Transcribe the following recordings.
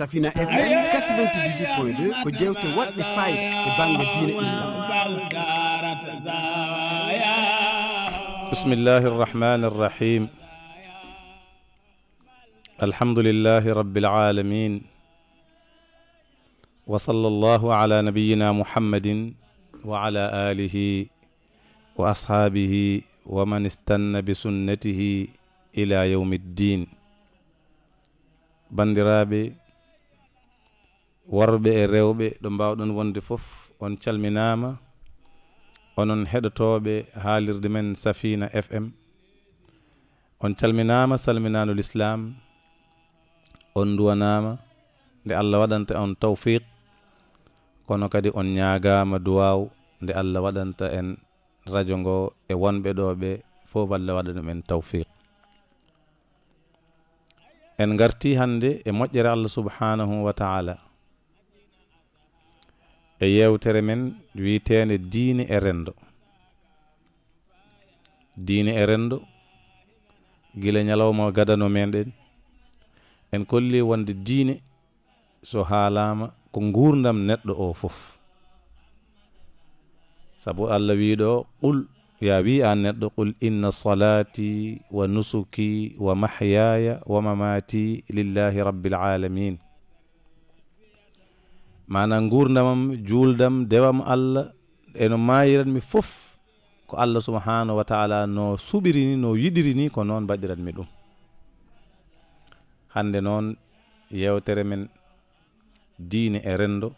safina fm 98.2 ko jewte wadde fayda e bangge diine islam بسم الله الرحمن الرحيم الحمد لله رب العالمين وصلى الله على نبينا محمد وعلى اله واصحابه ومن استنى بسنته الى يوم الدين بندرابي worɓe e rewɓe ɗo mbawɗon wonde fof on calminama onon heɗotoɓe haalirde men safina fm on calminama salminanul islam on duwanama nde allah waɗanta on tawfiq kono kadi on ñagama duwaw nde allah waɗanta en radio ngo e wonɓe ɗoɓe fof allah waɗa ɗumen tawfiq en garti hande e moƴƴere allah subhanahu wa taala e yewtere men wiyeteende diine e renndo diine e renndo gila ñalawma gadano menɗen en kolli wonde diine so haalama ko gurdam neɗɗo o fof saabu allah wiɗo qul ya wi an neɗɗo qul inna salati wa nusuki wa mahyaya wa mamati lillahi rabbil alamin manan gurdamam juuldam dewam allah eno mayiranmi fof ko allah subhanahu wa taala no suɓirini no yiɗirini ko noon mbaɗiranmi ɗum hande noon yewtere men diine e rendo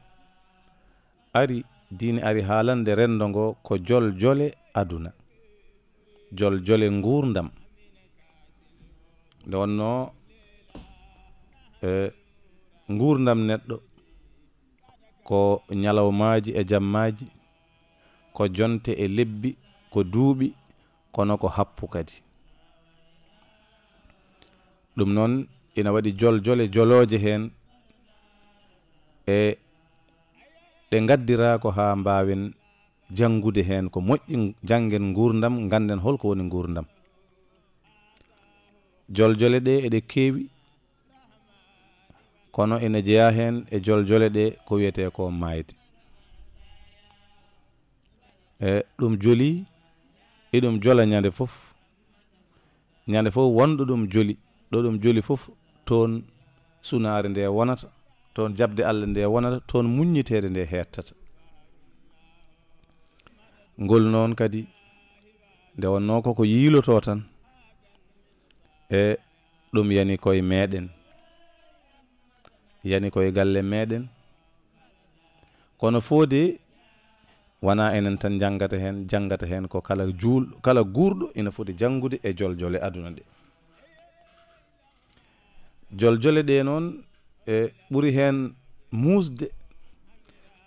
ari diine ari haalande rendo ngo ko jol jole aduna jol jole gurdam nde wonno e gurdam neɗɗo ko ñalawmaaji e jammaaji ko jonte e lebbi ko duuɓi kono ko happu kadi ɗum noon ina waɗi joljole jolooje heen e ɗe ngaddiraako haa mbaawen janngude heen ko moƴƴi jannguen nguurndam ngannden holko woni nguurndam joljole ɗe eɗe keewi kono ene jeeya heen e joljole ɗe ko wiyetee ko maayde e ɗum joli e ɗum jola ñande fof ñande fof wonɗo ɗum joli ɗo ɗum joli fof toon sunaare nde wonata toon jabde allah nde wonata toon muññiteede nde heettata ngol noon kadi nde wonno koko yiiloto tan e ɗum yani koye meɗen yani koye galle meɗen kono foodi wona enen tan jangata hen jangata hen ko kala juul kala guurɗo ina foti jangude e joljole aduna ɗe joljole ɗe noon e ɓuri hen muusde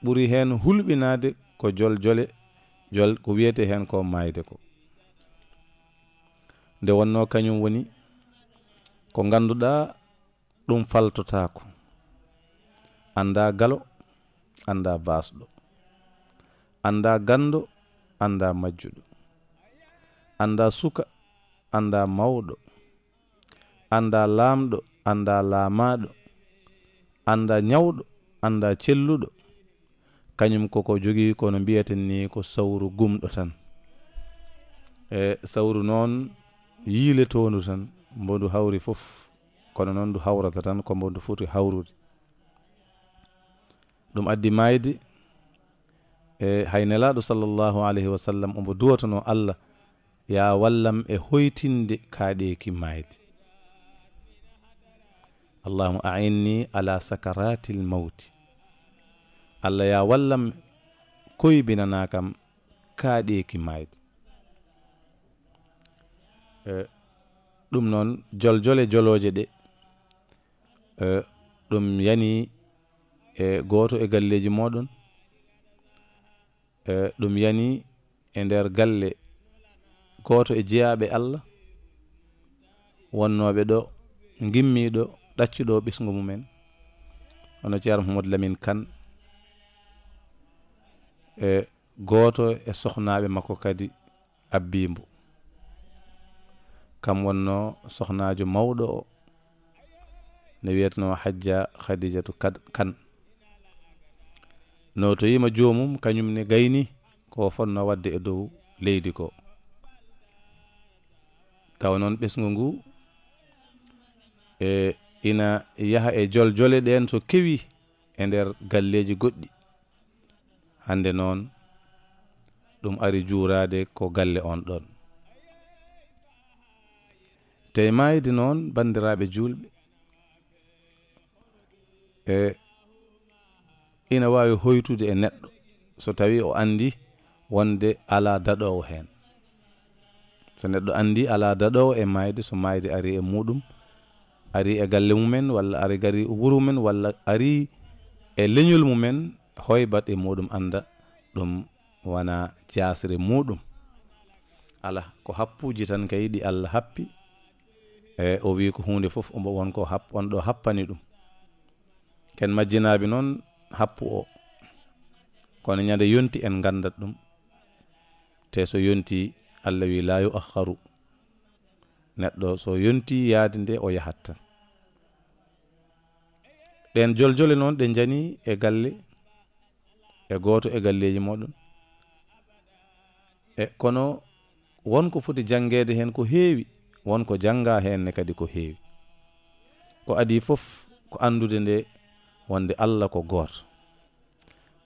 ɓuri hen hulɓinade ko joljole jol ko wiyete hen ko mayde ko nde wonno kañum woni ko ganduɗa ɗum faltotako anda galo anda basuɗo anda gando anda majjuɗo anda suka anda mawɗo anda lamɗo anda lamaɗo anda nyawɗo anda celluɗo kañum koko jogi kono mbiyaten ni ko sawru gumɗo tan e sawru noon yiile toondu tan mbo ndu hawri fof kono noon ndu hawrata tan ko mbo ndu foti hawrude ɗum addi maydi e haynelaɗo sallllahu alayhi wa sallam ombo duwatano allah ya wallam e hoytinde kaaɗeki maydi allahuma ainni ala sakarati l mawti allah ya wallam koybinana kam kaaɗeki maydi e ɗum noon joljole jolooje ɗe e, ɗum yani e goto e galleji moɗon e ɗum yani e nder galle goto e jeyaɓe allah wonnoɓe ɗo gimmiɗo ɗacciɗo ɓisgu mumen hono ceer mahamadou lamine kan e goto e sohnaɓe makko kadi abbimbo kam wonno sohnajo mawɗo o ne wiyatno hajja khadijatu kan no to yima joomum kañum ne gayni ko fonno wadde e dow leydi ko taw noon ɓesgu ngu e ina yaha e jol jole ɗen to kewi e nder galleji goɗɗi hande noon ɗum ari juurade ko galle on ɗon te mayidi noon bandiraɓe julɓe e eh, ina wawi hoytude e neɗɗo so tawi o andi wonde ala daɗowo hen so neɗɗo andi ala daɗowo e mayde so mayde ari e muɗum ari e galle mumen walla ari gari e wuro mumen walla ari e leñol mumen hoy bat e muɗum anda ɗum wona jasre muɗum ala ko happuji tan kayi ɗi allah happi e o wi ko hunde foof omo wonko happ on ɗo happani ɗum ken majjinaɓe noon happu o kono ñande yonti en gandat ɗum te so yonti allah wi layu akharu neɗɗo so yonti yaadi nde o yahat tan ɗen joljole noon ɗe jani e galle e goto e galleji moɗon e kono wonko foti janggede hen ko heewi wonko janga henne kadi ko heewi ko adi foof ko andude nde wonde allah ko gooto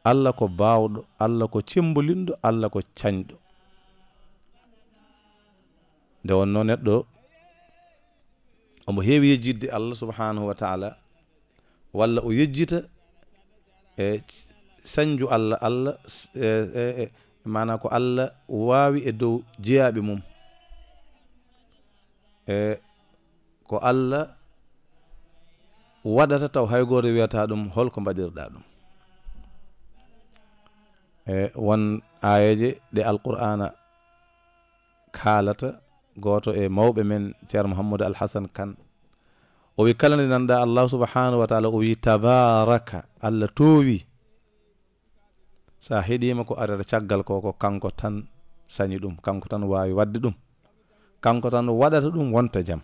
allah ko baawɗo allah ko cembolinɗo allah ko cañɗo nde wonno neɗɗo omo heewi yejjidde allah subahanahu wa taala walla o yejjita e sañju allah allah e, e, e, mana ko allah waawi e dow jeyaaɓe mum e ko allah waɗata taw hay goto wiyata ɗum holko mbaɗirɗa ɗum e won ayeje ɗe alqur'ana kalata goto e mawɓe men ceerno mouhammadou alhasan kan o wi kala nde nanɗa allah subahanahu wa taala o wi tabaraka allah towi sa heɗima ko arata caggal ko ko kanko tan sañi ɗum kanko tan wawi wadde ɗum kanko tan waɗata ɗum wonta jaam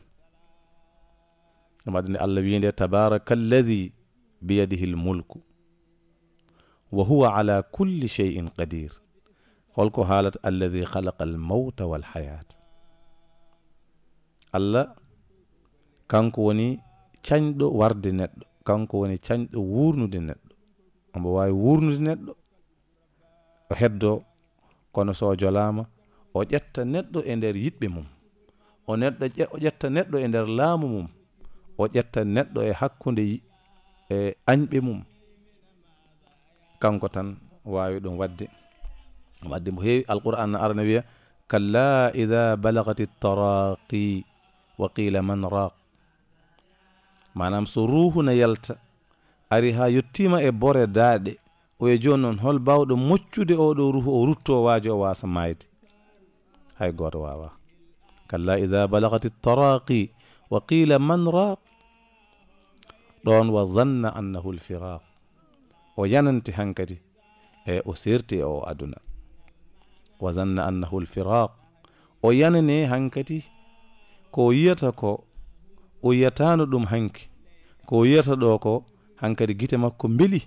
maɗene allah wiinde tabaraka alladi biyadihi l mulku wa huwa ala kulli cheyin qadir holko haalata alladi halaqa al mawta allah kanko woni cañɗo warde neɗɗo kanko woni cañɗo wurnude neɗɗo omo wawi wurnude neɗɗo o heddo kono so jolama o ƴetta neɗɗo e nder yiɗɓe mum o neɗɗo o ƴetta neɗɗo e nder laamu mum o ƴetta neɗɗo e hakkunde e añɓe mum kanko tan wawi ɗum wadde wadde mo heewi alquran no arana wiya kalla ida balagati taraqi wa qila man raq manam so ruhu no yalta ari ha yettima e bore daaɗe o e joni noon hol bawɗo moccude oɗo ruhu o rutto waaji o wasa mayde hay goto wawa kalla ida balagati taraqi wa qila man raq ɗon wa zanna annahu lfiraq o yananti hankadi e o serti e o aduna wa zanna annahu lfiraq o yanane hankadi ko yiyata ko o yiyatano ɗum hanki ko yiyata ɗo ko hankadi gite makko mbeli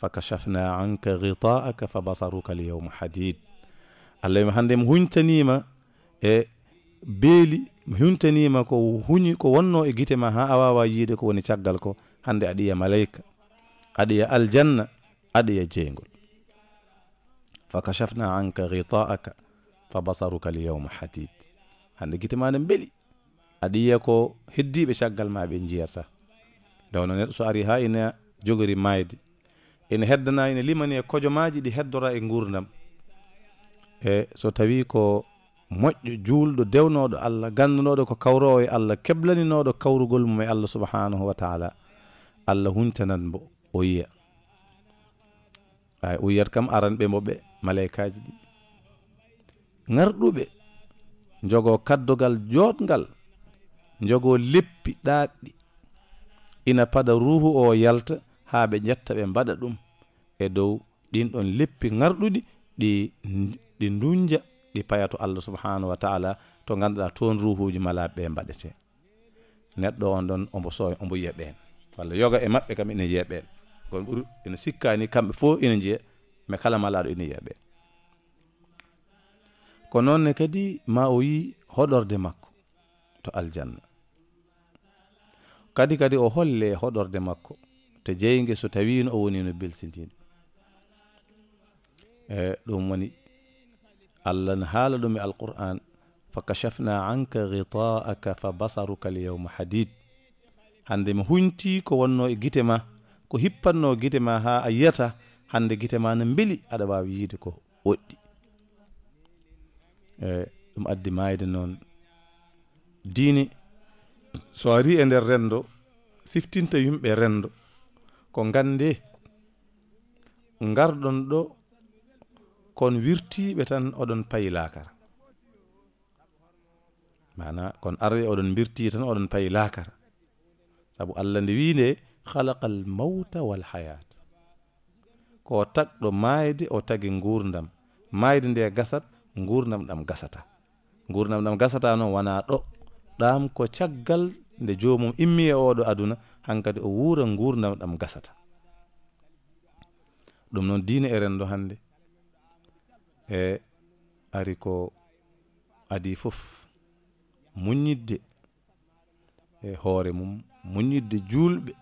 fakashafna anka gita'aka fa basaruka alyawma hadid allah wima hannde mi huncanima e beeli huntanima ko huñi ko wonno e guite ma ha a wawa yiide ko woni caggal ko hande aɗiya malayka aɗiya aljanna aɗiya jeygol fa kachafna anka gitaaka fa basaruka alyawma hadid hande guite ma ne beeli aɗiya ko heddiɓe caggal ma ɓe jiyata nde neɗɗo so ari ha ina jogori mayde ene heddana ene limani e kojomaji ɗi heddora e gurdam e so tawi ko moƴƴo juulɗo dewnoɗo allah gandunoɗo ko kawroo e allah keblaninoɗo kawrugol mum e allah subhanahu wa taala allah huntanan mbo o yiya ay o yiyat kam aran ɓe mboɓe maleykaji ɗi garɗuɓe jogo kaddogal jotgal jogo leppi ɗaɗɗi ina pada ruhu o yalta ha ɓe jetta ɓe mbaɗa ɗum e dow ɗin ɗon leppi garɗuɗi ɗi ɗi dunja ɗi paya to allah subhanahu wa taala to ganduɗa toon ruhuji malaɓe ɓe mbaɗete neɗɗo on ɗon ombo soy ombo yeɓen walla yoga e maɓɓe kam ina yeɓen kono ɓuri ina sikkani kamɓe fof ina jeeya mais kala malaɗo ina yeɓen ko noonne kadi ma o yi hoɗorde makko to aljanna kadi kadi o holle hoɗorde makko to jeyge so tawino o woni no belsidino e ɗum woni allah ne haala ɗum e alquran fa kachafna anka gitaaka fa basaruka lyawma hadid hande mi hunti ko wonno e gite ma ko hippanno gite ma ha a yiyata hande gite ma ne mbili aɗa wawi yiide ko woɗɗi e ɗum addi mayde noon diine so ari e nder rendo siftinta yumɓe rendo ko gande ngarɗon ɗo kon wirtiɓe tan oɗon payi lakara mana kon arwe oɗon birti tan oɗon payi lakara saabu allah nde winde halaqa al mawta wal hayat ko tagɗo mayde o tagi gurdam mayde nde gasat gurdam ɗam gasata gurdam ɗam gasata noon wona ɗo ɗam ko caggal nde jomum immi e oɗo aduna hankadi o wura gurdam ɗam gasata ɗum noon dina e rendo hande e ari ko adi fof muñidde e hoore mum muñidde juulɓe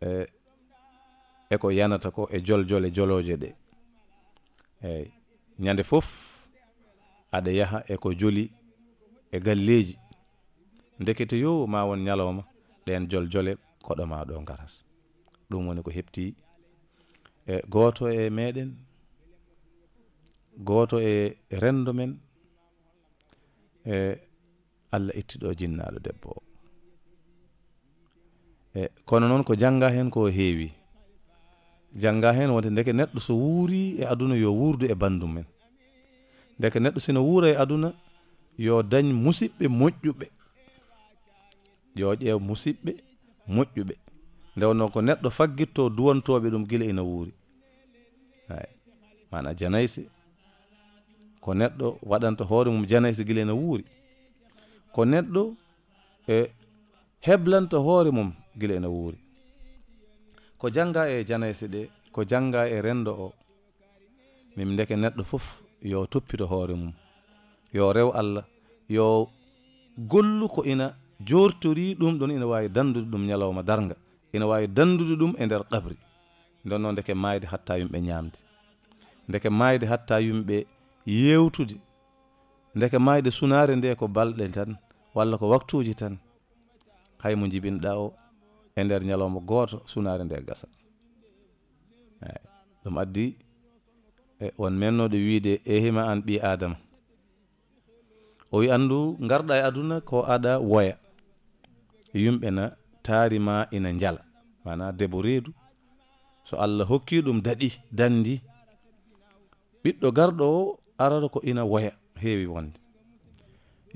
e e ko yanata ko e joljole jolooje ɗe eyi ñande fof aɗa yaha e ko joli e galleeji ndekete yo ma won ñalawma ɗen joljole koɗo ma ɗo ngarata ɗum woni ko heɓti e gooto e meɗen goto e rendo men e allah ittiɗo jinnaɗo debbo o e kono noon ko janga hen ko heewi janga hen wonde deke neɗɗo so wuuri e aduna yo wuurdu e bandum men deke neɗɗo sino wuura e aduna yo dañ musiɓɓe moƴƴuɓe yo ƴeew musiɓɓe moƴƴuɓe nde wonno ko neɗɗo faggitto duwantoɓe ɗum gila ina wuuri ay mana janayse ko neɗɗo waɗanta hoore mum janayse gila ene wuuri ko neɗɗo e heblanta hoore mum gila ene wuuri ko jannga e janayse ɗe ko jannga e renndo o min ndeke neɗɗo fof yo toppito hoore mum yo rew allah yo gollu ko ina joortori ɗum ɗon ina waawi danndude ɗum ñalawma darnga ina waawi danndude ɗum e ndeer qabri ndonnoo ndeke maayde hatta yimɓe ñaamde ndeke maayde hatta yimɓe yewtude ndeke mayde sunaare nde ko balɗe tan walla ko waktuuji tan hay mo jibinoɗa o e nder ñalowma gooto sunaare nde gasa eyi ɗum addi e won mennoɗe wiide ehima an ɓi adama o wi andu garɗa e aduna ko aɗa woya yumɓe na taarima ina njala mana debo reedu so allah hokki ɗum daɗi dandi ɓiɗɗo garɗo o arata ko ina woya heewi wonde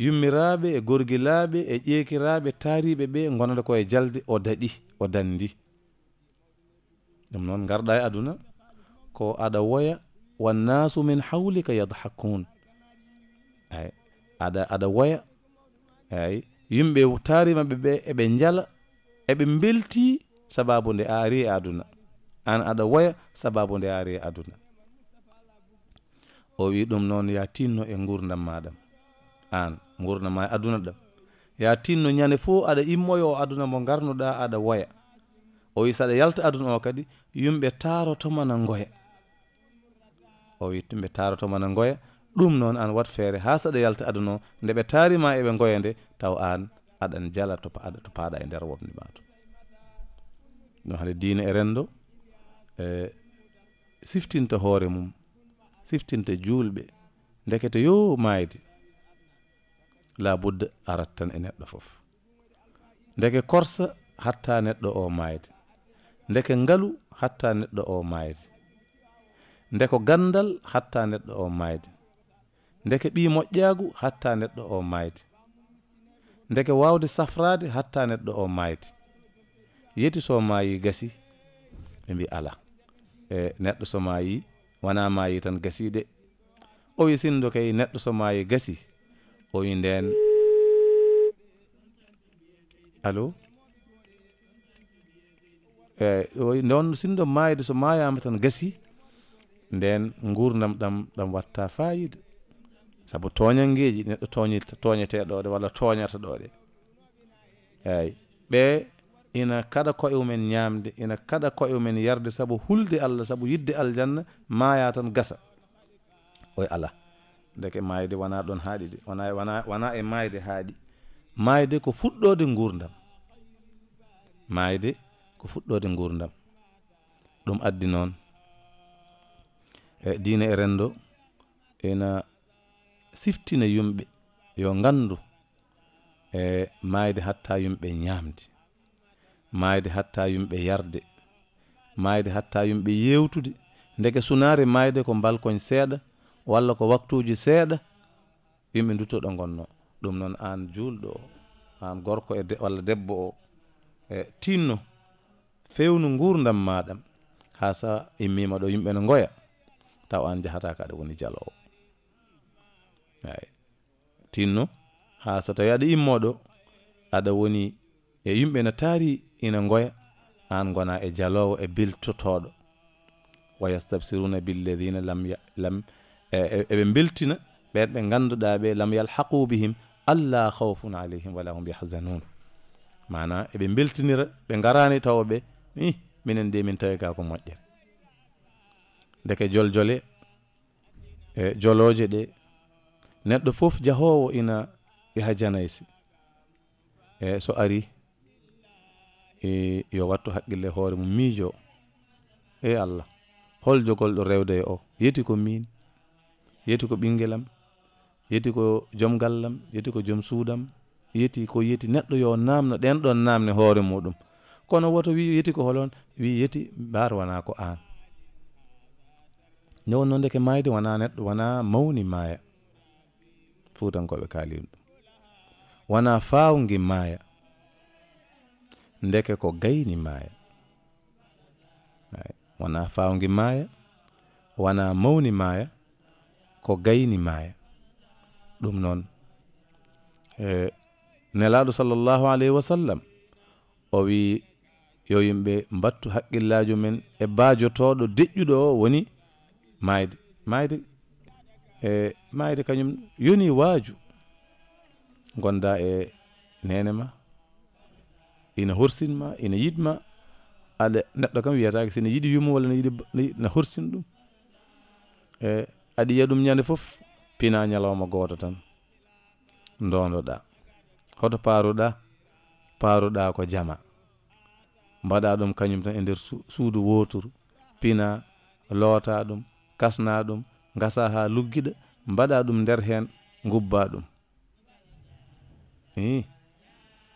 yummiraaɓe e gorgilaaɓe e ƴeekiraaɓe taariiɓe ɓe gonata koye jalde o daɗi o danndi ɗum noon ngarɗa e aduna ko aɗa woya wannasu min hawlika yadhakun ay aɗa aɗa woya ay yimɓe taarimaɓe ɓe eɓe njala eɓe mbelti sababu nde aari e aduna an aɗa woya sababu nde aari e aduna o wi ɗum noon ya tinno e gurdam maɗam an gurdama e aduna ɗam ya tinno ñande fof aɗa immoyo o aduna mo garnuɗa aɗa woya o wi saɗa yalta aduna o kadi yumɓe tarotomana goya o wi ɓe tarotomana goya ɗum noon an wat feere ha saɗa yalta aduna o nde ɓe tarima eɓe goya nde taw an aɗan jala to aɗa to paaɗa e nder wobni ma to ɗum haade diine e renndo e siftinta hoore mum siftinta juulɓe ndekete yo maayde labudde arat tan e neɗɗo fof ndeke korsa hatta neɗɗo o maayde ndeke ngalu hatta neɗɗo o maayde ndeko gandal hatta neɗɗo o maayde ndeke ɓi moƴƴaagu hatta neɗɗo o maayde ndeke waawde safraade hatta neɗɗo o maayde yeti so maayi gasi ɓe mbi ala e neɗɗo so maayi wona maayi tan gasi de o wi sinndo kay neɗɗo so maayi gasi o wi ndeen allo eeyi eh, noon sinndo maayde so maayaama tan gasi ndeen nguurdam ɗam ɗam watta fayida sabu toñangeeji neɗɗo toñ toñeteeɗo ɗe walla toñata ɗo ɗe eeyi ɓe ina kaɗa koyemen ñamde ina kaɗa koyemen yarde saabu hulde allah saabu yidde aljanna maaya tan gasa oye ala deke mayde wona ɗon haaɗi de wona wona wona e mayde haaɗi mayde ko fuɗɗode gurdam mayde ko fuɗɗode gurdam ɗum addi noon e dina e rendo ena siftina yumɓe yo gandu e mayde hatta yumɓe ñamde maayde hatta yumɓe yarde maayde hatta yumɓe yewtude ndege sunaare maayde ko mbalkoñ seeɗa walla ko waktuuji seeɗa yumɓe duttoɗo ngonno ɗum noon aan juulɗo o aan gorko e walla debbo o e tinno fewnu nguurdam maɗam ha sa immima ɗo yumɓe no ngoya taw aan jahata ka aɗa woni jaloowo ay tinno ha so tawi aɗa immoɗo aɗa woni e yumɓe no taari ina ngoya an gona e jalowo e biltotoɗo wa yastabsiruna billadina lam lam eɓe e, e beltina ɓen ɓe ganduɗa ɓe lam yalhaqu bihim alla khawfun alayhim wala hum yahzanun mana eɓe beltinira ɓe garani tawa mi i minen de min tawi ga ko moƴƴere deke joljole e joloje ɗe neɗɗo fof jahowo ina yaha e janaysi e so ari e yo wattu haqqille hoore mum miijo e allah hol jogolɗo rewde e o yeti ko min yeti ko ɓinguelam yeti ko joom gallam yeti ko joom suudam yeti ko yeti neɗɗo yo namno ɗen ɗon namne hoore muɗum kono woto wi yeti ko holon wi yeti mbar wona ko an nde wonno deke mayde wona neɗɗo wona mawni maaya fuutankoɓe kalim ɗum wona fawgi maaya ndeke ko gayni maaya wana fawngi maaya wana mawni maaya ko gayni maaya ɗum noon e nelaɗo sallllahu alayhi wa sallam o wi yo yimɓe mbattu haqqillaji men e baajotoɗo deƴƴuɗo o woni maayde maayde e maayde kañum yoni waaju gonda e nene ma ina horsinma ina yiɗma aɗa neɗɗo kam wiyatake sene yiɗi yumo walla ne yiɗi ne horsina ɗum e aɗa yiya ɗum ñande fof pina ñalawma goto tan dondoɗa hoto paaruɗa paaruɗa ko jama mbaɗa ɗum kañum tan e nder suudu woturu pina loota ɗum kasna ɗum gasa ha luggiɗa mbaɗa ɗum nder hen gubba ɗum i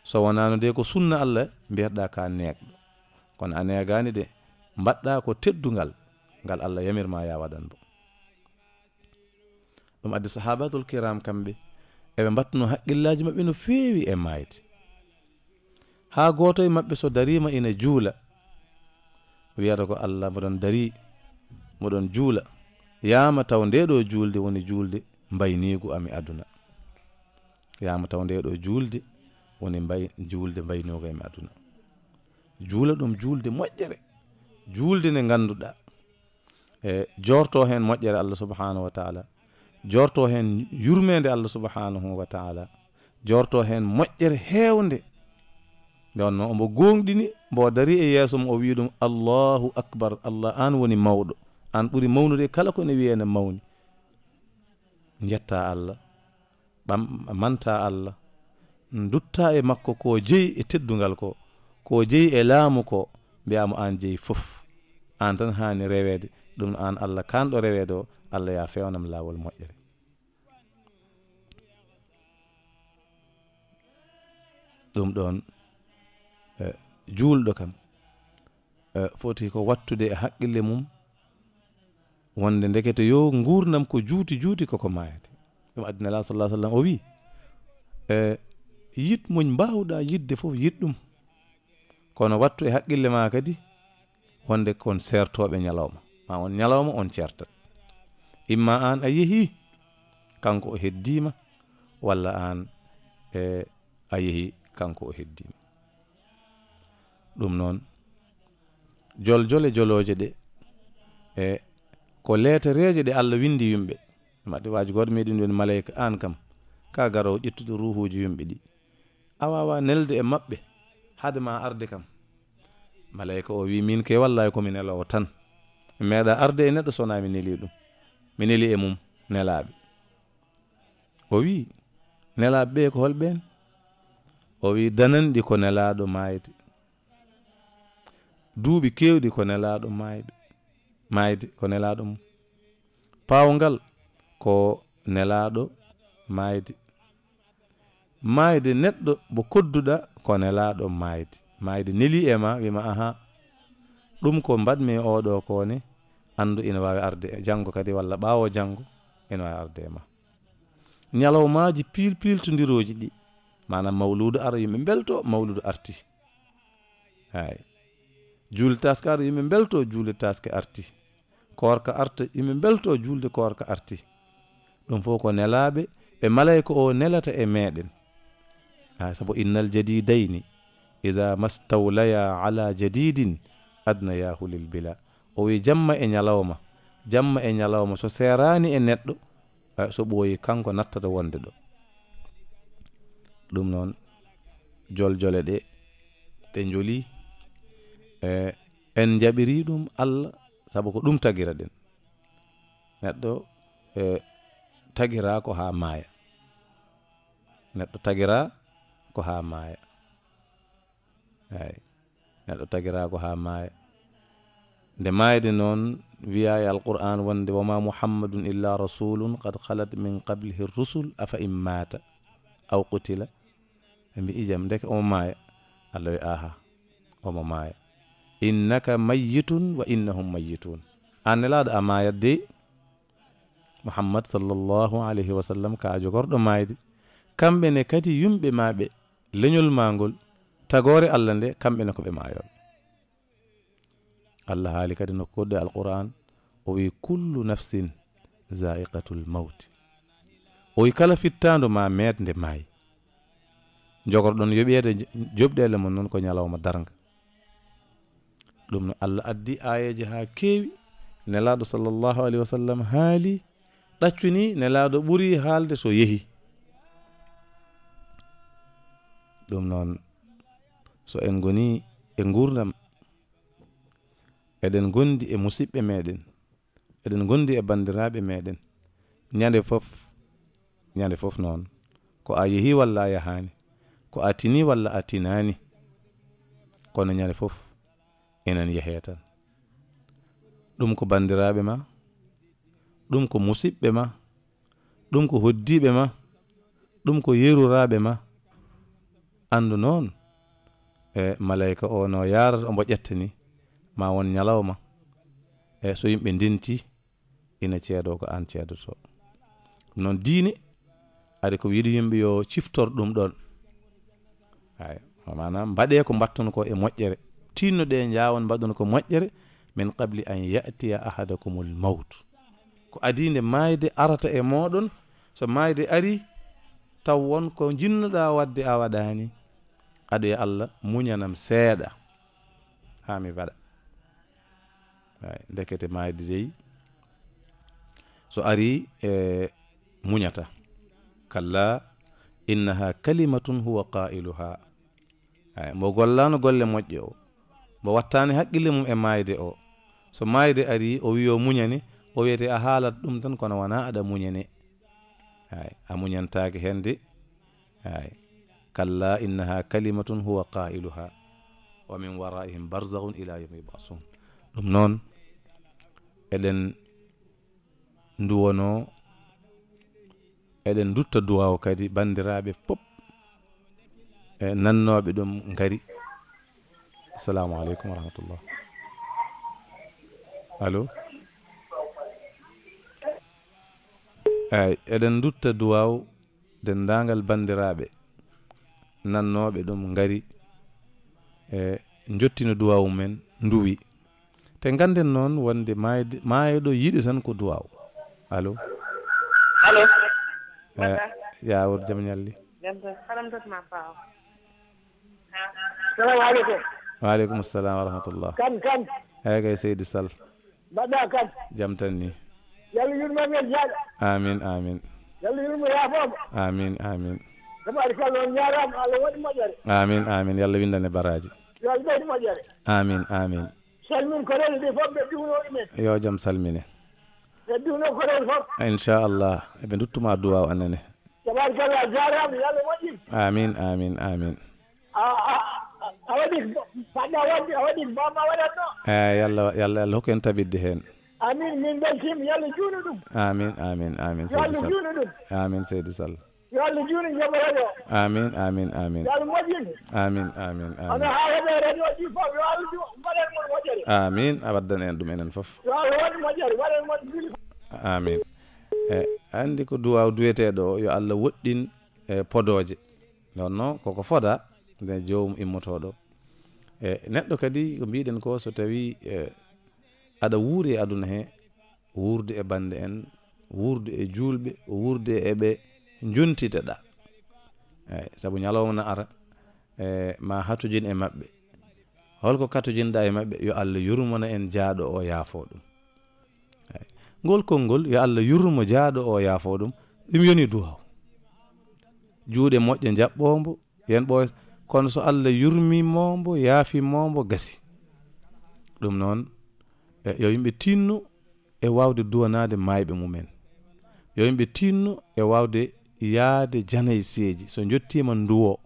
so wonano de ko sunna allah biyatɗa ka neeɗɗo kono a negani de mbaɗɗa ko teddungal ngal allah yamirma ya waɗan bo ɗum addi sahabatul kiram kamɓe eɓe mbattuno haqqillaji maɓɓe no feewi e mayde ha goto e maɓɓe so darima ina juula wiyata ko allah moɗon dari moɗon juula yama taw ndeɗo julde woni julde mbaynigu ami aduna yama taw ndeɗo julde woni mbay juulde mbaynooko e mi aduna juula ɗum juulde moƴƴere juulde nde ngannduɗa e jorto heen moƴƴere allah subahanahu wa taala jorto heen yurmeende allah subahanahu wa taala jorto heen moƴƴere heewnde ndewon noon omo gonɗini mbo dari e yeeso mum o wii ɗum allahu akbar allah an woni mawɗo an ɓuri mawnude kala kone wiyeene mawni jetta allah ɓam manta allah dutta e makko ko jeyi e teddungal ko ko jeyi e laamu ko mbiyamo an jeyi fof an tan hani rewede ɗum an allah kanɗo rewede o allah ya fewnam lawol moƴƴere ɗum ɗon e, julɗo kam e, foti ko wattude e haqqille mum wonde ndekete yo gurnam ko juuti juuti koko mayate ɗum addinala sa sallam o wi e, yit moñ mbawɗa yidde fof yiɗ ɗum kono wattu e haqqille ma kadi wonde kon sertoɓe ñalawma ma on ñalawma on certat imma an a yeehi kanko o heddima walla an e a yeehi kanko o heddima ɗum noon jol jole joloje ɗe e ko letereje ɗe allah windi yumɓe maɗe waji goto meɗin ɗen maleyka an kam ka garowo ƴettuɗo ruhuji yumɓe ɗi a wawa nelde e maɓɓe hade ma arde kam malayika o wi min kay wallahi komi nelowo tan mi meeɗa arde e neɗɗo sona mi neli ɗum mi neli e mum nelaɓe o wi nelaɓe ɓe ko holɓen o wi dananɗi ko nelaɗo mayde duuɓi kewɗi ko nelaɗo mayɓe mayde ko nelaɗo mum pawgal ko nelaɗo mayde mayde neɗɗo mo kodduɗa kone laaɗo mayde mayde neli e ma wima ahan ɗum ko mbaɗmi oɗo kone andu ina wawi arde e janggo kadi walla ɓawo janggo ina wawi arde e ma ñalawmaji pil piltodiroji ɗi manam mawludu ara yimɓe belto mawludu arti ay juuli taske ara yimɓe belto juuli taske arti korka arta yimɓe belto juulde korka arti ɗum fof ko nelaɓe ɓe malay ko o nelata e meɗen sabu innal jadidaini ida mastawlaya ala jadidin yahu lil bila o wi jamma e nyalawma jamma e nyalawma so serani e neddo so boyi kanko nattata wonde dum non jol jole de te joli e en jabiri dum allah sabu ko dum tagira den neddo e tagira ko ha maya neddo tagira ko haa maaya eeyi neɗɗo tagira ko haa maaya nde maayde noon wiya e alquran wonde woma muhammadun illa rasulun qad halat min qablihi rusul afa in maata aw qutila ɓe mbi ijam ndeke omo maaya allah wi aha omo maaya innaka mayitun wa innahum mayitun an nelaɗo a maayat de muhammad sallllahu alayhi wa sallam ka jogorɗo maayde kamɓe ne kadi yumɓe maɓe leñol ma ngol tagore allah nde kamɓe ne ko ɓe mayoɓe allah haali kadi nokku goɗɗo alquran o wi kullu nafsin zaiqatul maut o wi kala fittando ma medde maayi jogorɗon yoɓede joɓɗele mon noon ko ñalawma darga ɗum no allah addi ayeji ha kewi nelaɗo sallllahu alayhi wa sallam haali ɗaccuni nelaɗo ɓuuri haalde so yeehi ɗum noon so en goni e gurdam eɗen gondi e musiɓɓe meɗen eɗen gondi e bandiraɓe meɗen ñande foof ñande foof noon ko a yeehi walla a yahani ko a tini walla a tinani kono ñande foof enen yehe tan ɗum ko bandiraɓe ma ɗum ko musiɓɓe ma ɗum ko hoddiɓe ma ɗum ko yeruraɓe ma andu noon e malayka o no yarata ombo ƴetta ni ma won ñalawma e so yimɓe ndenti ina ceedo ko an ceedoto noon diine ari ko yiɗi yimɓe yo ciftor ɗum ɗon ay mana mbaɗe ko mbatton ko e moƴƴere tinnoɗe jawon mbaɗon ko moƴƴere min qabli an yatiya ahadakumul maut ko adinde mayde arata e moɗon so mayde ari taw won ko jinnoɗa wadde a waɗani aɗoye allah muñanam seeɗa ha mi waɗa ndekete maydi dey so ari e muñata kalla innaha kalimatun huwa qailuha ay mo gollano golle moƴƴe o mo wattani haqqille mum e mayde o so mayde ari o wiyo muñani o wiyete a haalat ɗum tan kono wona aɗa muñani ay a muñantake hende ay كلا إنها كلمة هو قائلها wa min waraihim barzakhun ila yawmi yub'asun ɗum noon eɗen nduwono eɗen dutta duwawo kadi bandiraɓe pop e nannoɓe ɗum ngari assalamu aleykum wa rahmatullah alo eyi eɗen dutta duwaw dendagal bandiraɓe nannoɓe ɗum gari e jottino duwaw men nduwi te ganden noon wonde maayoɗo yiɗi tan ko duwaw allo allo eh, yawor jaam ñalli salamu waaleykum salam wa rahmatullah kan kan eyyi kay seydi sall mbaɗɗa kan jaam tan ni yallah yurmamen jaaɗa amin amin yallah yurmo yaafoma amin amin gamari ko noon ñaarama allah waɗi moƴƴere amin amin yo allah windane baraji yo allah ɓeydi moƴƴere amin amin salmin korel ndi fof ɓe ɗiwnoɗi men yo jaam salmine ɓe ɗiwno korel fof inchallah eɓe duttuma duwa o annane tabarkalla jarama yo allah amin amin amin a waɗi paɗɗa a waɗi bamma waɗatno eyi yallah yallah allah en tabidde hen amin min beltima yalla juuno ɗum amin amin amin seydi sall amin seydi sall yo allah juuni jaɓo radio amin amin amin yo allah moƴƴin amin amin amin ana ha heɓe radio ji foof yo allah mbaɗen moon moƴƴere amin a waddan en ɗum enen foof yo allah waɗ moƴƴere mbaɗen moon juli amin eyi andi ko duwaw duweteɗo o yo allah woɗɗin e podoje non noon koko foda nde jowmu immotoɗo e neɗɗo kadi ko mbiɗen ko so tawi e aɗa wuuri e aduna he wuurde e bande en wuurde e julɓe wuurde e ɓe njuntiteɗa eyi sabu ñalowma na ara e ma hatujin e maɓɓe holko katujinɗa e maɓɓe yo allah yurmona en jaaɗo o yaafo ɗum eyi ngol konngol yo allah yurmo jaaɗo o yaafo ɗum ɗum yoni duwaw juuɗe moƴƴo jaɓɓombo yen ɓo kono so allah yurmimombo yaafimombo gasi ɗum noon e, yo yimɓe tinno e wawde duwanade mayɓe mumen yo yimɓe tinno e wawde yaade janayseeji so jottima nduwo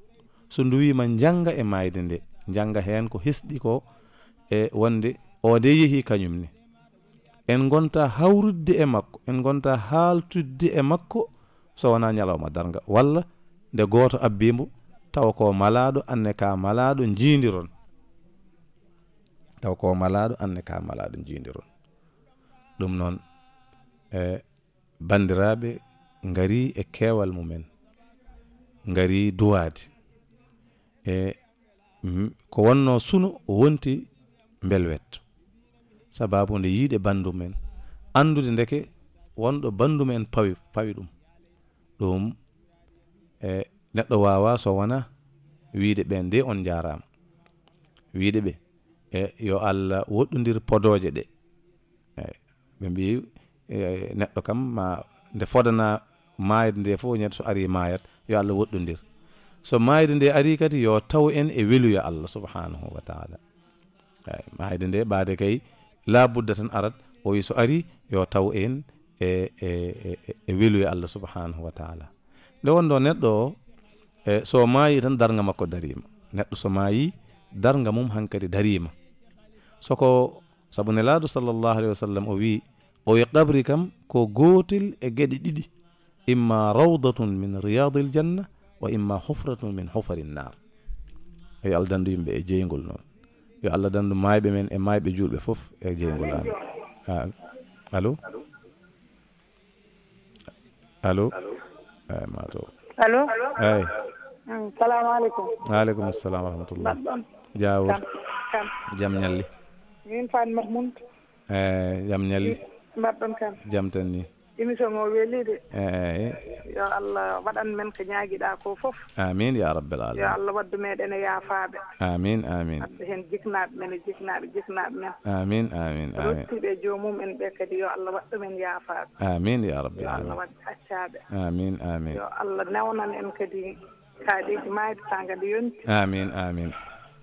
so nduwima janga e mayde nde janga hen ko hesɗi ko e wonde o de yeehi kañum ne en gonta hawrudde e makko en gonta haaltudde e makko so wona ñalawma darga walla nde goto abbimo taw ko malaɗo anne ka malaɗo jindiron taw ko malaɗo anne ka malaɗo jindiron ɗum noon e bandiraɓe ngari e keewal mumen ngari duwaade e mm, ko wonno suno o wonti mbelwet sababu nde yiide banndu men anndude ndeke wonɗo banndu men pawi pawi ɗum ɗum e neɗɗo waawa so wona wiide ɓen de on jaarama wiide ɓe e yo allah woɗɗodir podooje ɗe eyi ɓe mbi e, neɗɗo kam ma nde fodana mayde nde fof ñat so ari mayat yo allah woɗɗodir so mayde nde ari kadi yo taw en e weluyo allah subhanahu wa taala eyi mayde nde ɓaade kay labudda tan arat o wi so ari yo taw en e e e, e weluyo allah subhanahu wa taala nde wonɗo neɗɗo o e so mayi tan darga makko darima neɗɗo so mayi darga mum hankkadi darima soko sabu nelaado sallllahu alahi wa sallam o wi o wi qabri kam ko gotel e geɗe ɗiɗi إما روضة من رياض الجنة وإما حفرة من حفر النار أي الله دندو يمبي جين قلنا يا الله دندو ما يبي من ما جول بفوف جين قلنا ألو ألو أي ما تو ألو أي السلام عليكم عليكم السلام ورحمة الله جاور جام نيالي مين فان محمود جام نيالي جام تاني émission o weeliide eeyi yo allah waɗan men ko ñaagiɗaa ko fof amin ya rabbil alamin yo allah waddu meeɗen e yaafaaɓe amin amin adda heen jiknaaɓe men e jiknaaɓe jiknaaɓe men amin amin rottiɓe e joomum en ɓe kadi yo allah waɗɗu men yaafaaɓe amin ya rabbil alamin yo allah wadde accaaɓe amin amin yo allah newnan en kadi kaaɗeeji maayde taa ngadi yonti amin amin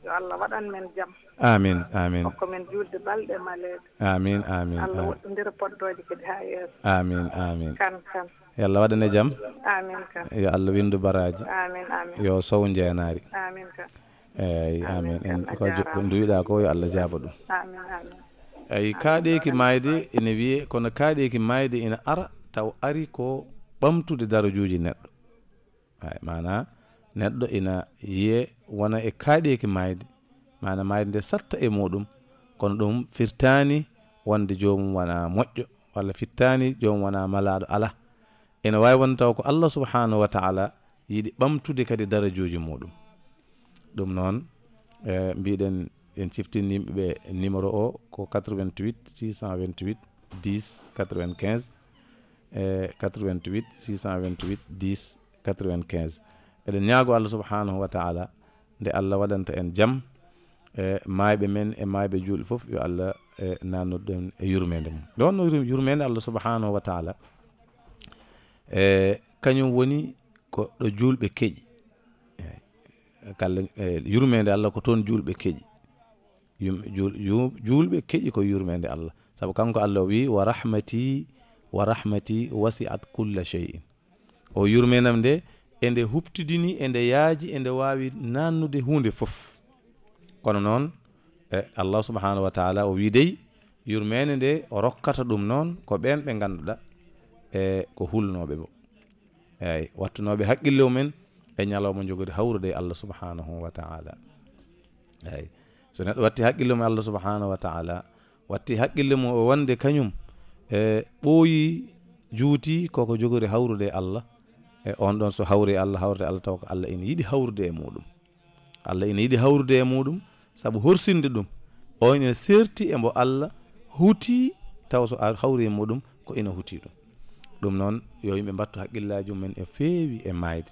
yo allah waɗan men jam amin amin okkomin julde balɗe maleede amin amin allah woɗɗondira poɗdoje kadi ha yeeso amin amin kan kan yo allah waɗane jaam amin kan yo allah windu baraji amin amin yo sow jeenaari amin kan eyi amin en ko duwiɗa ko yo allah jaaba ɗum amin amin eyi kaaɗeki mayde ene wiye kono kaaɗeki mayde ina ara taw ari ko ɓamtude darajuji neɗɗo ay mana neɗɗo ina yiye wona e kaaɗeki mayde mana mayri nde satta e muɗum kono ɗum firtani wonde jomum wona moƴƴo walla fittani jomum wona malaɗo ala ene wawi wonde taw ko allah subhanahu wa taala yiɗi ɓamtude kadi darajuji muɗum ɗum noon e mbiɗen en ciftini yimɓeɓe numéro o ko 88 628 10 95 e 88 628 10 95 eɗen ñaago allah subhanahu wa taala nde allah waɗanta en jaam maayɓe men e maayɓe julɓe fof yo allah nannuɗen e yurmede mum nde wonno yurmede allah subahanahu wa taala e kañum woni ko ɗo julɓe keƴi kala yurmede allah ko toon julɓe keƴi julɓe keƴi ko yurmede allah saabu kanko allah o wi wa rahmati wa rahmati wasiat culla cheyin o yurmenam nde ende huptidini ende yaaji ende waawi nannude hunde fof kono noon e allah subahanahu wa taala o wi dey yurmeende nde o rokkata ɗum noon ko ɓen ɓe ngannduɗa e ko hulnoɓe bo eyi wattunoɓe haqqillew men e ñalawma jogori hawrude e allah subahanahu wa taala eyi so neɗɗo watti haqqille mum allah subahanahu wa taala watti haqqille mum o wonde kañum e ɓooyi juuti koko jogori hawrude allah e on ɗon so hawri e allah hawrude allah taw ko allah ina yiɗi hawrude e muɗum allah ina yiɗi hawrude e muɗum saabu horsinde ɗum on ene serti embo allah huti taw so a hawri e muɗum ko ina huti ɗum ɗum noon yo yimɓe mbattu haqqillaji mumen e feewi e mayde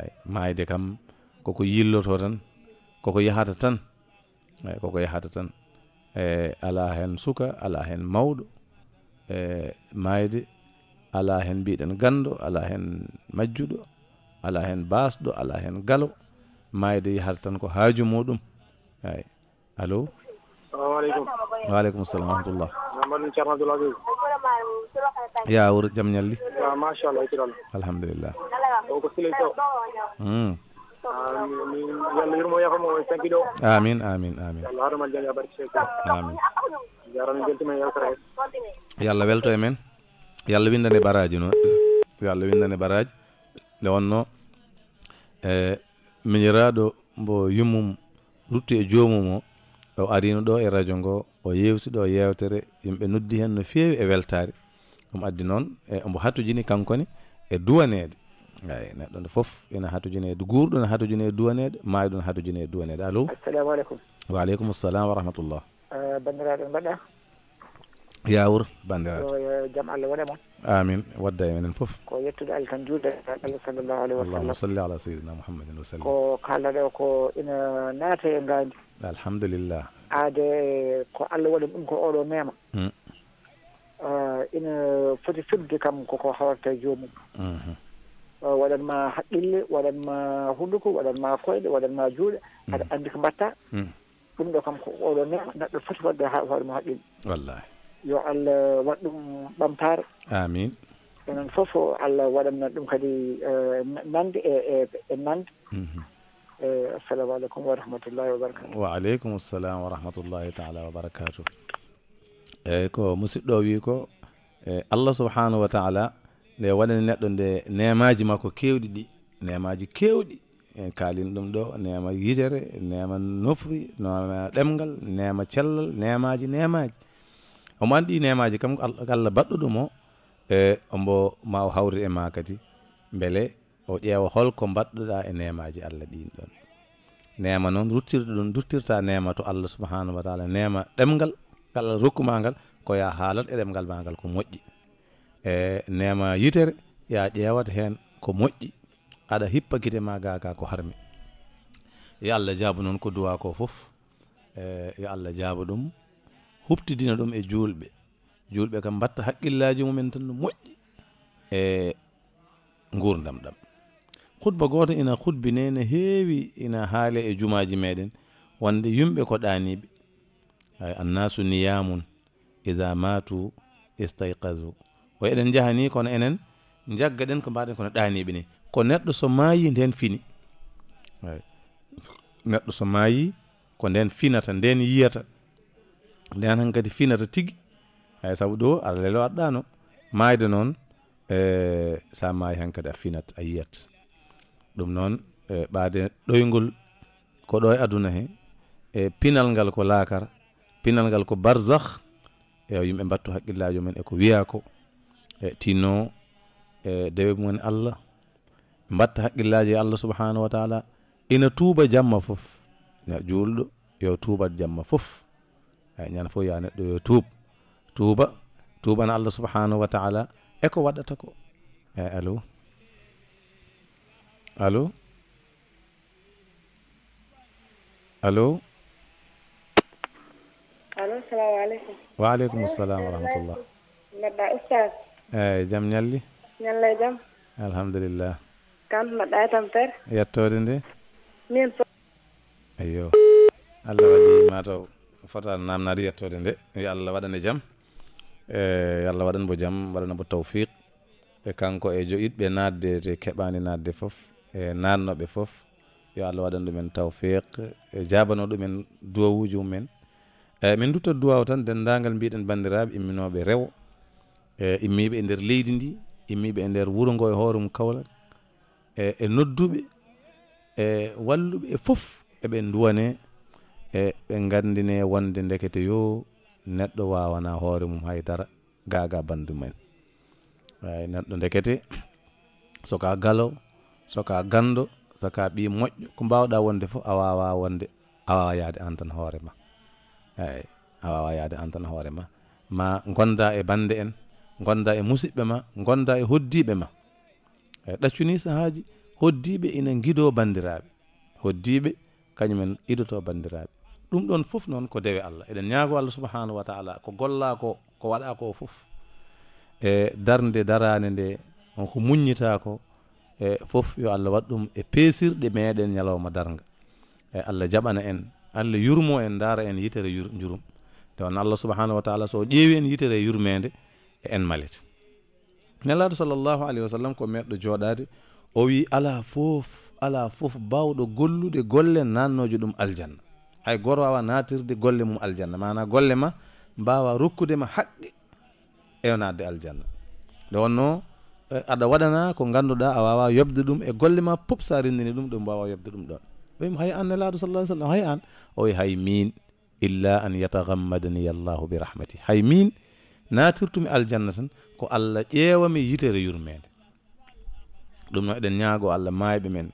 ay mayde kam koko yilloto tan koko yahata tan ay koko yahata tan e ala hen suka ala hen mawɗo e mayde ala hen mbiɗen gando ala hen majjuɗo ala hen basɗo ala hen galo mayde yahata tan ko haaju muɗum Hai, halo. salaamaaleykum Waalaikumsalam. salaam wa ya wuro jaam ñalli ya alhamdulillah o hmm. ya, amin amin amin ya, ya amin jarano ya, allah welto e men windane baraji allah windane baraji nde wonno e miñiraɗo mbo rutti e joomum o o arino ɗo e radio ngo o yewtiɗo yewtere yimɓe noddi hen no feewi e weltare ɗum addi noon e omo hatojini kankone e duwanede eyi neɗɗo nde foof ene hatojini e guurɗo ne hatojini e duwanede maayo ɗo ne hatojini e duwanede allo assalamu aleykum waaleykum salam wa rahmatullah bandiraɓe mbaɗa yawur bandiraɓe jaam allah waɗama amin wadda e menen foof ko yettude allah tan juulde allah sallllahu alayhi wa sallam allahuma salli ala seydina mouhammadin wa sallam ko kallaɗa o ko ina naata e ngaandi alhamdulillah aade ko allah waɗi ɗum ko oɗo mema ina foti fibde kam koko hawrata e joomum waɗanma haqqille waɗanma hunduko waɗanma koyɗe waɗanma juuɗe aɗa anndi ko mbatta ɗum ɗo kam ko oɗo mema neɗɗo foti wadde ha hoore mum haqqille wallahi yo allah waɗ ɗum ɓamtare amin enen fof allah waɗanna ɗum kadi nande e e nande assalamu aleykum wa rahmatullahi wa barakatu wa aleykum assalam wa rahmatullahi taala wa barakatu eyyi ko musidɗo o wi ko e allah subhanahu wa taala nde waɗani neɗɗo nde nemaji makko kewɗi ɗi nemaji kewɗi en kalin ɗum ɗo nema yitere nema nofri nema ɗemgal nema cellal nemaji nemaji omo anndi nemaji kam allah baɗɗo ɗum o e ombo ma o hawrir e ma kadi beele o ƴeewa holko mbaɗɗoɗa e nemaji allah ɗin ɗon nema noon ruttirɗe ɗum durtirta nema to allah subahanahu wa taala nema ɗemgal ngal rokkuma ngal ko ya haalat e ɗemgal ma ngal ko moƴƴi e nema yitere ya ƴeewat heen ko moƴƴi aɗa hippa gite ma gaga ko harmi yo allah jaabu noon ko duwa ko fof e yo allah jaabu ɗum hubtidina ɗum e julɓe julɓe kam mbatta haqqillaji mumen tan no moƴƴi e gurdam ɗam hutba goto ina hutbine ne heewi ina haale e jumaji meɗen wonde yumɓe ko ɗaniɓe ay annasu niyamun ida matu istaykasu o eɗen jahani kono enen jagga ɗen ko mbaɗen kono ɗaniɓe ni ko neɗɗo so maayi nden fini neɗɗo so maayi ko nden finata nden yiyata nden eh, han kadi finata tigi hay sabu ɗo allah lelo aɗɗano maayde noon e sa maayi han kadi a finat a yiyat ɗum noon e eh, ɓaade ɗoygol ko ɗo e aduna he e pinal ngal ko laakara pinal ngal ko barzah e yimɓe mbattu haqqillajo men eko wiya ko e tinno e dewe mumen allah mbatta haqqillaji e allah subhanahu wa taala ina tuuba jamma fof na juulɗo yo tuubat jamma fof eeyi ñande fof yo a neɗɗo yo tuub tuuba tuubana allah subahanahu wa taala eko waɗata ko eeyi alo alo alo alo salamu aleykum waaleykum salam wa rahmatullah mbaɗɗa oustas eeyi jam ñalli ñalla e jam alhamdulillah kan mbaɗɗa e tampere yettode nde min ayyo allah waɗi mataw fotani namnade yettode nde yo allah waɗane jaam e yo allah waɗan bo jaam waɗana bo tawfiq e kanko e joyiɗɓe nadde te keɓani nadde foof e nannoɓe foof yo allah waɗan ɗumen tawfiq e jabano ɗumen duwawuji mumen eyi min duttot duwaw tan dendagal mbiɗen bandiraɓe imminoɓe rewo e immiɓe e nder leydi ndi immiɓe e nder wuuro ngo e hoore mum kawla e e nodduɓe e walluɓe e foof eɓe duwane e ɓe nganndine wonde ndekete yo neɗɗo waawana hoore mum haydara gaaga banndu men ay neɗɗo ndekete soka galo soka ganndo soka ɓi moƴƴo ko mbawɗa wonde fof a wawa wonde a wawa yaade an tan hoore ma eyi a wawa yaade an tan hoore ma ma gonda e bande en gonda e musidɓe ma gonda e hoddiɓe ma eyi ɗaccuni sahaji hoddiɓe ina guido bandiraɓe hoddiɓe kañumen idoto bandiraɓe ɗum ɗon fof noon ko dewe allah eɗen ñaago allah subahanahu wa taala ko golla ko ko waɗa ko fof e darde darande nde onko muññita ko e fof yo allah waɗ ɗum e peesirɗe meɗen ñalawma darga e allah jaɓana en allah yurmo en dara en yitere jurum nde wonno allah subahanahu wa taala so ƴeewi en yitere yurmede e en malete ñalaɗo sallllahu alayhi wa sallam ko meɗɗo jooɗade o wi ala fof ala fof bawɗo gollude golle nannojo ɗum aljanna hay goto wawa natirde golle mum aljanna mana golle ma mbawa rokkude ma haqqe e nadde aljanna nde wonno e, aɗa waɗana ko ganduɗa a wawa yobde ɗum e golle ma pop sa rendini ɗum ɗo mbawa yobde ɗum ɗon wim hay an nelaɗo salah ah sallam hay an o wi hay min illa an yatagammadani allahu bi rahmati hay min natirtumi aljanna tan ko allah ƴeewami yitere yurmede ɗum noon eɗen ñaago allah mayɓe men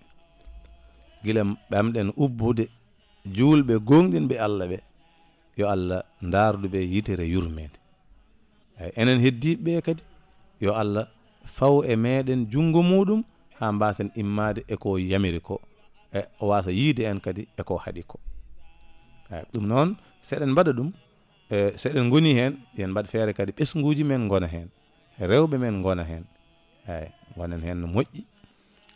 gila ɓamɗen ubbude juulɓe gonɗinɓe allah ɓe yo allah daarduɓe yitere yurmede eyi enen heddiɓe kadi yo allah faw e meɗen junngo muɗum ha mbasen immade eko yamiri ko e o wasa yiide en kadi eko haaɗi ko eyi ɗum noon seɗen mbaɗa ɗum e seɗen goni hen yen mbaɗa feere kadi ɓesguji men gona hen rewɓe men gona hen eyi gonen hen no moƴƴi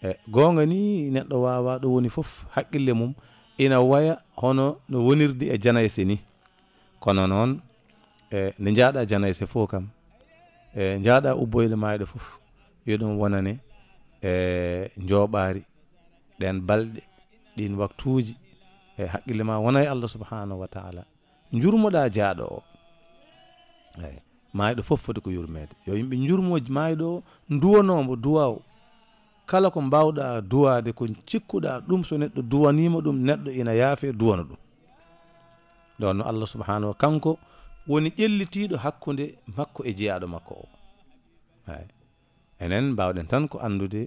e gonga ni neɗɗo wawa ɗo woni foof haqqille mum ina waya hono no wonirdi e janayse ni kono noon e nde jaaɗa janayse fof kam e jaaɗa ubboyle maɗe fof yo ɗum wonane e jooɓaari ɗen balɗe ɗin waktuuji e haqqille ma wona e allah subhanahu wa taala jurmoɗa jaaɗo o eyi maayɗo fof foti ko yurmeede yo yimɓe jurmo maayɗo o duwanomo duwa o kala ko mbawɗa duwade ko cikkuɗa ɗum so neɗɗo duwanima ɗum neɗɗo ina yaafe duwana ɗum nden no allah subhanahu kanko woni ƴellitiɗo hakkude makko e jeyaɗo makko o ay enen mbawɗen tan ko andude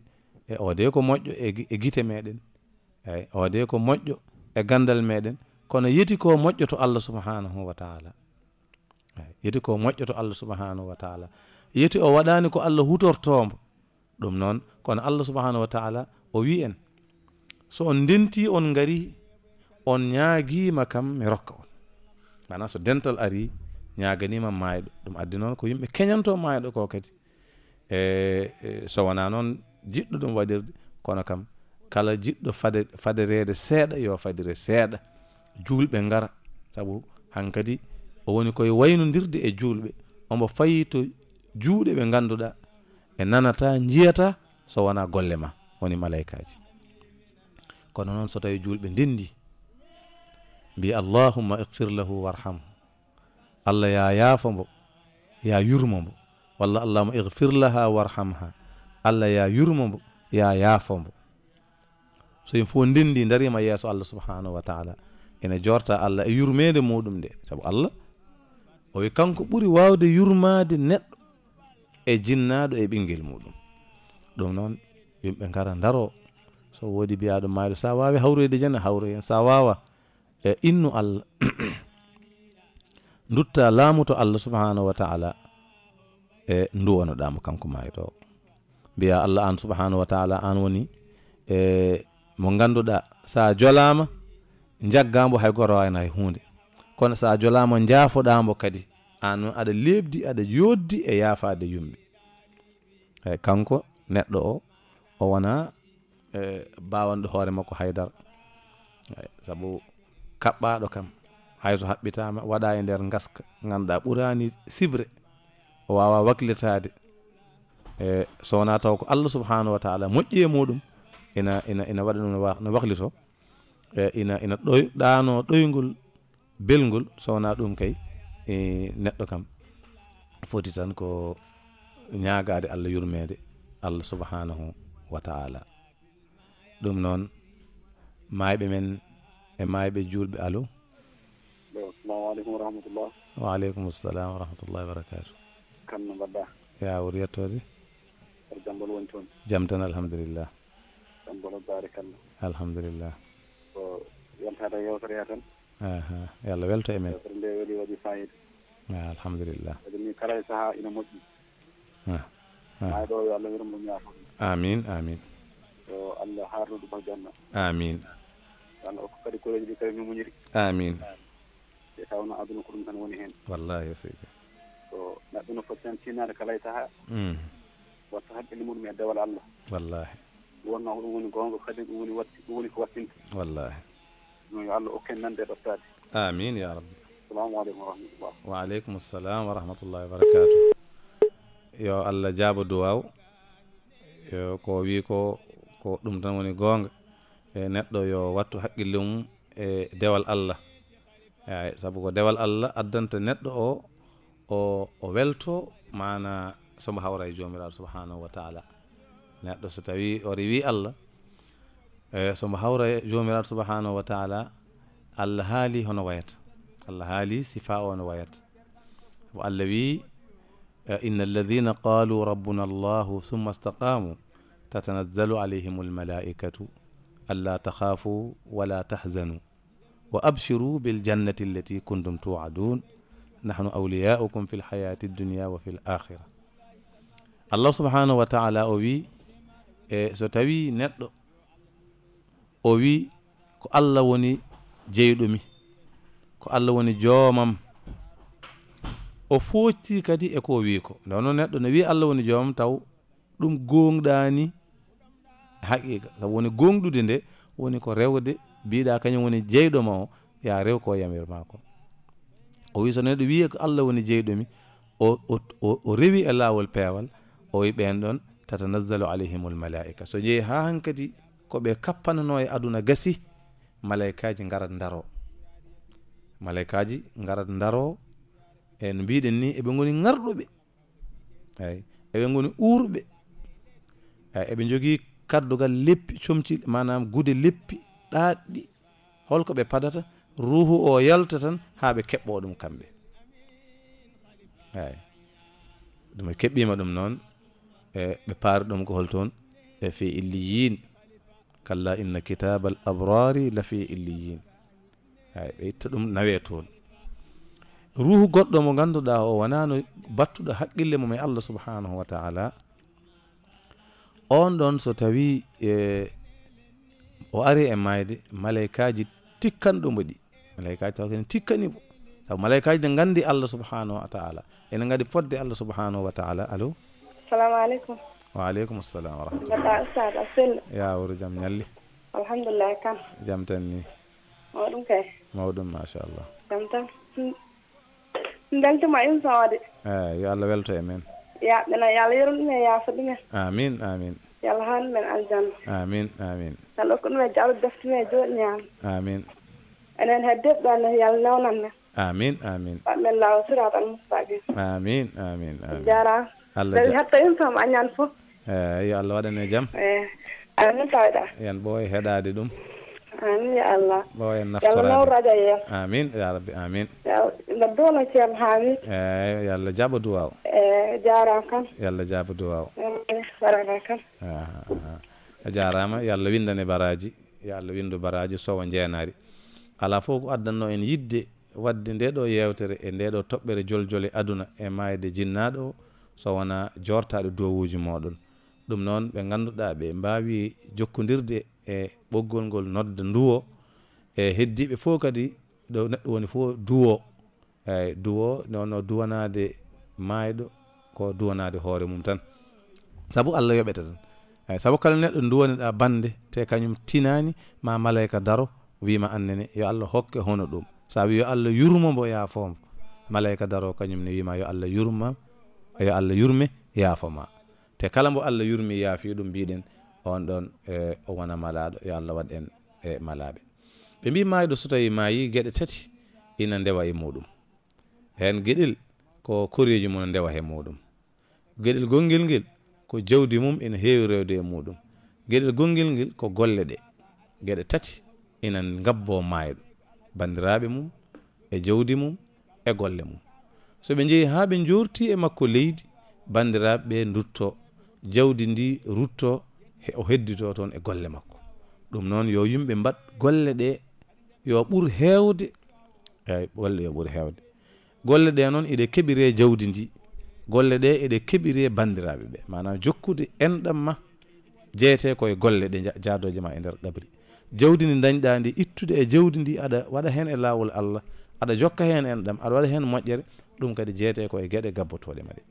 e ode ko moƴƴo e guite e meɗen eyi ode ko moƴƴo e gandal meɗen kono yeti ko moƴƴo to allah subhanahu wa taala yeti ko moƴƴo to allah subhanahu wa taala yeti o waɗani ko allah hutortomo ɗum noon kono allah subahanahu wa taala o wi en so on denti on ngari on ñaagima kam mi rokka on mana so dental ari ñaganima maayɗo ɗum addi noon ko yimɓe keñanto maayɗo ko kadi e, e so wona noon jiɗɗo ɗum waɗirde kono kam kala jiɗɗo fade faderede seeɗa yo fadire seeɗa juulɓe ngara saabu hankadi o woni koye waynodirde e juulɓe omo fayi to juuɗe ɓe ganduɗa e nanata jiyata so wona golle ma woni malaikaji kono noon so tawi julɓe ndendi mbi allahumma ikfir lahu warhamhu allah ya yaafo mbo ya yurmo mbo walla allahuma ikfir laha warhamha allah ya yurmo mbo ya yaafo mbo so yim fof ndendi darima yesso allah subhanahu wa taala ene jorta allah e yurmede muɗum nde saabu allah o wi kanko ɓuri wawde yurmade neɗɗo e jinnaɗo e ɓinguel muɗum ɗum noon yimɓe gara daro so wodi biyaɗo maɗo sa wawi hawrede jana hawre hen sa wawa e innu allah dutta laamu to allah subhanahu wa taala e duwanoɗamo kanko mayto mbiya allah an subhanahu wa taala an woni e mo ganduɗa sa jolama jaggambo hay goro wayna hay hunde kono sa jolama jaafoɗambo kadi an aɗa lebdi aɗa yoddi e yafade yumɓe eyi kanko neɗɗo o o wona e bawanɗo hoore makko haydar eyi saabu kaɓɓaɗo kam hayso haɓɓitama waɗa e nder gaska ganduɗa ɓurani sibre o wawa waklitade e sowona taw ko allah subhanahu wa taala moƴƴi e muɗum ina ina ina waɗa ɗum no waklito e ina ina ɗoy ɗano ɗoygol belgol sowona ɗum kay e neɗɗo kam foti tan ko ñaagaade allah yurmeede allah subahanahu wa taala ɗum noon maayɓe men e maayɓe juulɓe alo wa aleykum salam wa rahmatullahi wa barakatu kamno mbaɗɗa ya wor yettoode or jambol woni toon jam tan alhamdulillah jambol barikalla alhamdulillah o yaltaata yewtoreya tan aha yo allah welto e men yewtere nde weli waɗi fayide alhamdulillah eɗen karaysa ha ina moƴƴi haa ɗo yo allah wirmoɗum yaafo amin amin yo allah harno ɗum ha janna amin allah hokko kadi koreji ɗi kadi no muñiri amin e tawno aduna ko ɗum tan woni hen wallahi yo seydi so neɗɗo no foti tan tinnade kala e saaha watta haqqille muɗum e dewal allah wallahi wonno ko ɗum woni gonga kadi ɗum woni watti ɗum woni ko wattinta wallahi ɗum yo allah hokken nande e ɗoftade amin ya rabbi السلام عليكم ورحمة الله وعليكم السلام ورحمة الله وبركاته يو الله جاب دواو يو كوبي كو كو دمتموني غونغ نتدو يا واتو هكيلوم اللوم دوال الله سابقو دوال الله أدنت نتدو أو أو ويلتو معنا سبحانه ورأي جوميرار سبحانه وتعالى نتدو ستوي وربي الله سبحانه ورأي جوميرار سبحانه وتعالى الله هالي هنا الله هالي سفاء ونوايات وقال لي آه، إن الذين قالوا ربنا الله ثم استقاموا تتنزل عليهم الملائكة ألا تخافوا ولا تحزنوا وأبشروا بالجنة التي كنتم توعدون نحن أولياؤكم في الحياة الدنيا وفي الآخرة الله سبحانه وتعالى أوي آه، ستوي نتلو أوي so وني neɗɗo o ko allah woni joomam o footi kadi eko wi ko ndewno neɗɗo ne wi allah woni joomam taw ɗum gongɗani haqiqa sabu woni gongɗude nde woni ko rewde mbiɗa kañum woni jeyɗo ma o ya rew ko yamir ma ko o wi so neɗɗo wi ko allah woni jeyɗomi o o o rewi e lawol peewal o wi ɓen ɗon tatanazzalu alayhim ul malaika so jeeyi ha hankadi koɓe kappanano e aduna gasi malaikaji garat daro malaikaji ngarat ndaro e no mbiɗen ni eɓe goni ngarɗuɓe eyi eɓe goni uurɓe eyi eɓe jogii kaddugal leppi comci manam gude leppi ɗaɗɗi holko ɓe padata ruhu o yalta tan haa ɓe keɓɓo ɗum kamɓe eyi ɗum e keɓɓima ɗum noon e ɓe paari ɗum ko holtoon e fe illiyin kalla inna kitaba al abrari la fe illiyin eyi ɓe itta ɗum nawe toon ruhu goɗɗo mo ngannduɗa o wonano battuɗo haqqille mum e allah subhanahu wa taala on ɗon so tawi e o ari e mayde malaikaji tikkanɗo mo e ɗi malaikaji taw kene tikkanimo saw malaikaji ne nganndi allah subhanahu wa taala ene ngadi fodde allah subhanahu wa taala allo salamu aleykum waaleykum salam wa rahmatulaaa ya woro jaam ñalli alhamdulillahi kan jaam tan ni o ɗum kay مودم ما شاء الله سمتا بلتو ما ينسوا دي اه يا الله بلتو امين يا انا يا الله يا فدنا امين امين يا الله هان من الجن امين امين الله كن ما جارو دفت ما جو نيام امين انا نهدف يا الله نونا امين امين من الله صراط المستقيم امين امين امين جارا الله جارا حتى ينسوا ما نيان فو يا الله ودن جام اه انا نتاعدا يان بوي هدا دي دوم amin ya allah bawa en naftoraaraja yen amin ya rabbi amin no duna ceerno haami eyi yo allah jaaba duwaw eyi jaaram kam yo allah jaaba duwaw e, barana kam a jarama yo allah windane baraji yo allah windu baraji sowa jeenari ala fof ko addanno en yidde wadde nde ɗo yewtere e nde ɗo toɓɓere joljole aduna e mayde jinnaɗo so wona jortaɗe dowuji moɗon ɗum noon ɓe ganduɗa ɓe mbawi jokkodirde e ɓoggol ngol nodda nduwo e heddiɓe fof kadi ɗo neɗɗo woni fof duwo eyi duwo nono duwanade mayɗo ko duwanade hoore mum tan saabu allah yoɓeta tan eyi saabu kala neɗɗo duwaniɗa bande te kañum tinani ma malayka daro wima annene yo allah hokke hono ɗum sa wi yo allah yurmo mbo yaafomo malayka daro kañum ne wima yo allah yurma yo allah yurme yaafoma te kala mbo allah yurmi yaafi ɗum mbiɗen on ɗon e o wona malaɗo yo allah waɗ en e malaɓe ɓe mbi mayiɗo so tawi mayi gueɗe tati ina ndewa e muɗum hen gueɗel ko koreji mum ndewa he muɗum gueɗel gongel ngel ko jawdi mum ina heewi rewde e muɗum gueɗel gongel ngel ko golle ɗe gueɗe tati ina gabbo mayiɗo bandiraɓe mum e jawdi mum e golle mum so ɓe jeehi ha ɓe jorti e makko leydi bandiraɓe ɓe dutto jawdi ndi rutto he o heddito toon e golle makko ɗum noon yo yimɓe mbat golle ɗe yo ɓur heewde eyi golle yo ɓur heewde golle ɗe noon iɗe keɓire jawdi ndi golle ɗe eɗe keɓire banndiraaɓe ɓe manam jokkude enɗam ma jeyete koye golle ɗe jaadoje ma e ndeer gabri jawdi ndi dañɗaa ndi ittude e jawdi ndi aɗa waɗa heen e laawol allah aɗa jokka heen enɗam aɗa waɗa heen moƴƴere ɗum kadi jeyete koye geɗe gabbotooɗe ma ɗe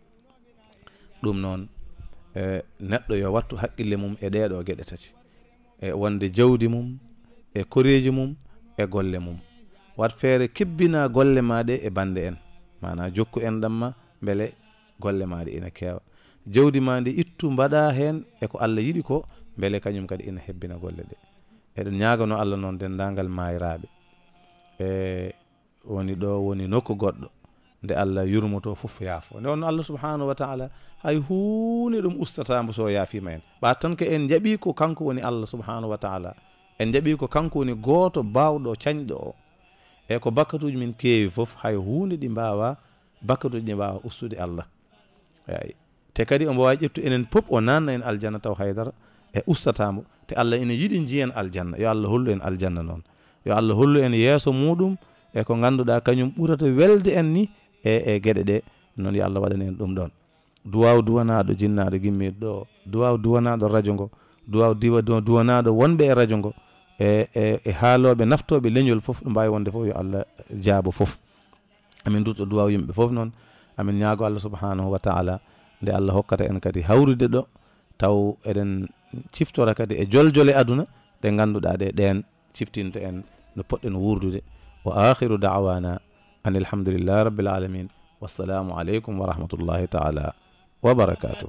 ɗum noon e neɗɗo yo wattu haqqille mum e ɗeɗo geɗe tati e wonde jawdi mum e koreji mum e golle mum wat feere kebbina golle maɗe e bande en mana jokku en ɗamma beele golle maɗe ina keewa jawdi ma ndi ittu mbaɗa hen eko allah yiɗi ko beele kañum kadi ina hebbina golle ɗe eɗen ñagano allah noon dendagal mayiraɓe e woni ɗo woni nokku goɗɗo nde allah yurmoto fof yaafo nde on allah subhanahu wa taala hay huunde ɗum ustatamo so yaafima en ɓa tan ko en jaɓi ko kanko woni allah subhanahu wa taala en jaɓi ko kanko woni gooto bawɗo cañɗo o e ko bakatuji min keewi fof hay huunde ɗi mbawa bakatuji ɗi mbawa ustude allah eyi te kadi omo wawi ƴettu enen pop o nanna en aljanna taw haydara e ustatamo te allah ina yiɗi jiyen aljanna yo allah hollu en aljanna noon yo allah hollu en yeeso muɗum e ko ganduɗa kañum ɓurata welde en ni e e gueɗe ɗe noon yo allah waɗan en ɗum ɗon duwaw duwanaɗo jinnaɗo gimmiɗo ɗo duwaw duwanaɗo radio ngo duwaw diwa duwanaɗo wonɓe e radio ngo e e, e haaloɓe naftoɓe leñol fof ɗo mbawi wonde fof yo allah jaabo fof amin duto duwaw yimɓe fof noon amin ñaago allah subhanahu wa taala nde allah hokkata en kadi hawrude ɗo taw eɗen ciftora kadi e joljole aduna ɗe ganduɗa ɗe ɗen ciftinta en no poɗɗen wurdude wa akhiru da'wana أن الحمد لله رب العالمين والسلام عليكم ورحمة الله تعالى وبركاته